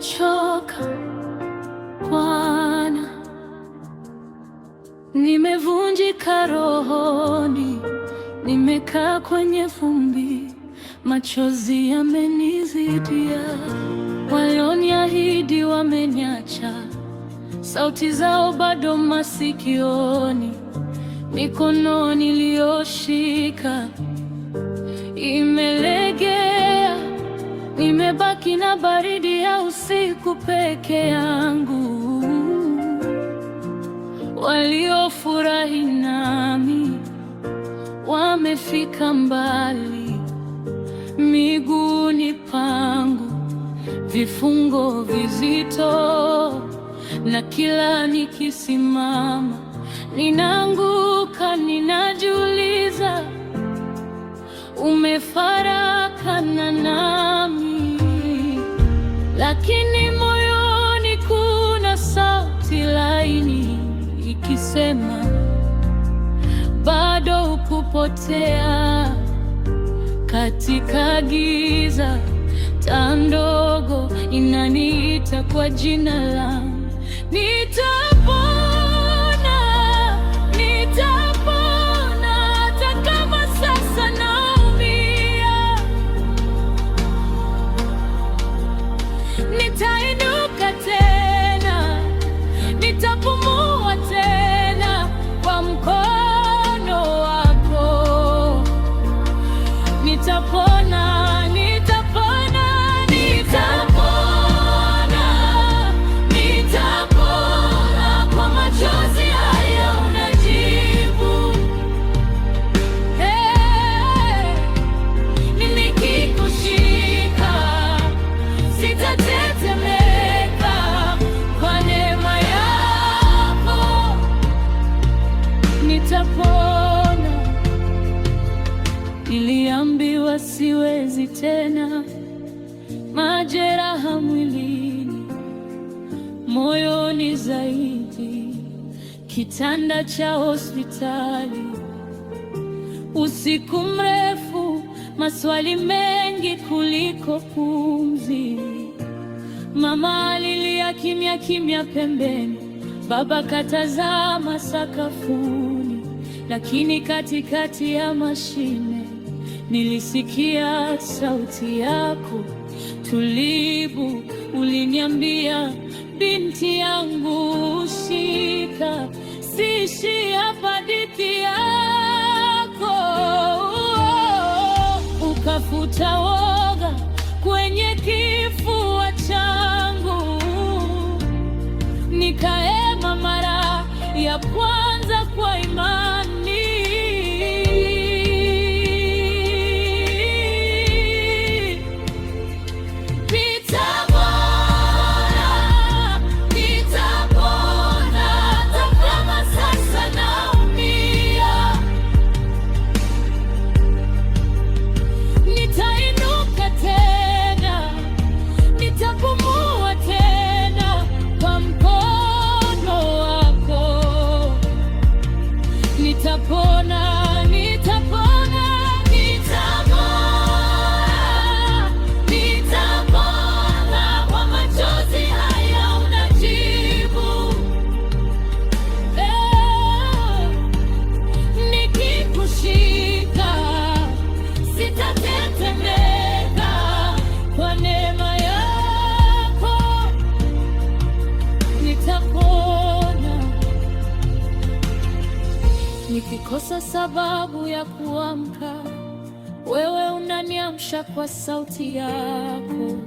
nimechoka Bwana, nimevunjika rohoni, nimekaa kwenye vumbi, machozi yamenizidia. Walioniahidi wameniacha, sauti zao bado masikioni, mikono niliyoshika imele nimebaki na baridi ya usiku peke yangu, waliofurahi nami wamefika mbali, miguuni pangu vifungo vizito, na kila nikisimama ninaanguka, ninajiuliza umefarakana na kusema bado kupotea katika giza, taa ndogo inaniita kwa jina langu nita moyoni zaidi, kitanda cha hospitali, usiku mrefu, maswali mengi kuliko pumzi. Mama alilia kimya kimya pembeni, baba katazama sakafuni, lakini katikati ya mashine nilisikia sauti yako tulibu uliniambia binti yangu, shika, siishi hapa diti yako. Oh, ukafuta woga kwenye kifua changu, nikaema mara ya kwanza. sababu ya kuamka. Wewe unaniamsha kwa sauti yako.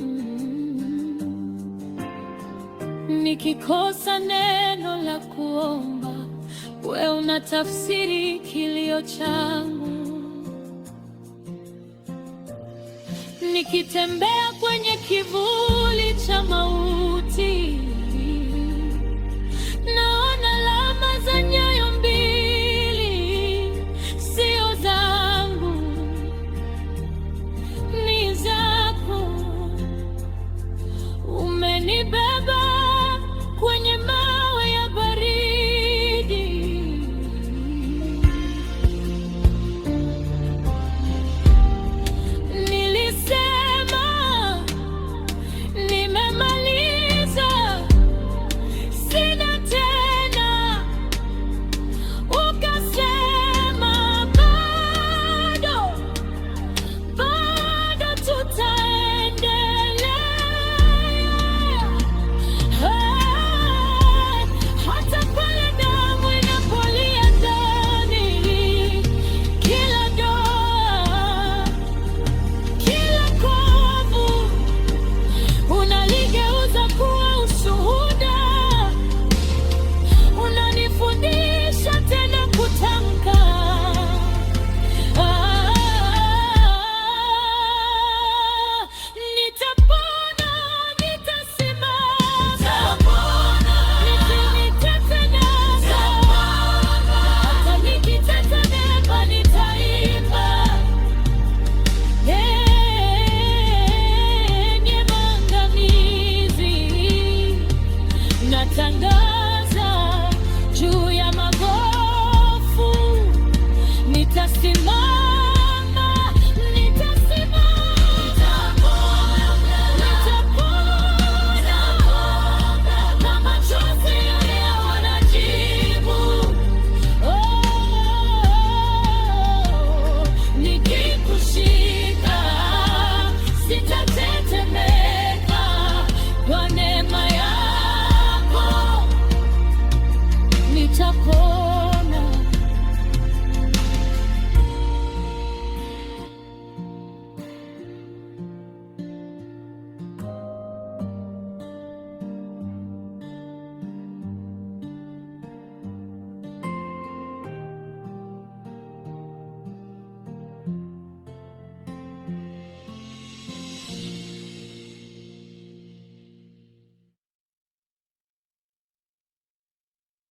Mm-hmm. Nikikosa neno la kuomba, wewe unatafsiri kilio changu. Nikitembea kwenye kivuli cha mauti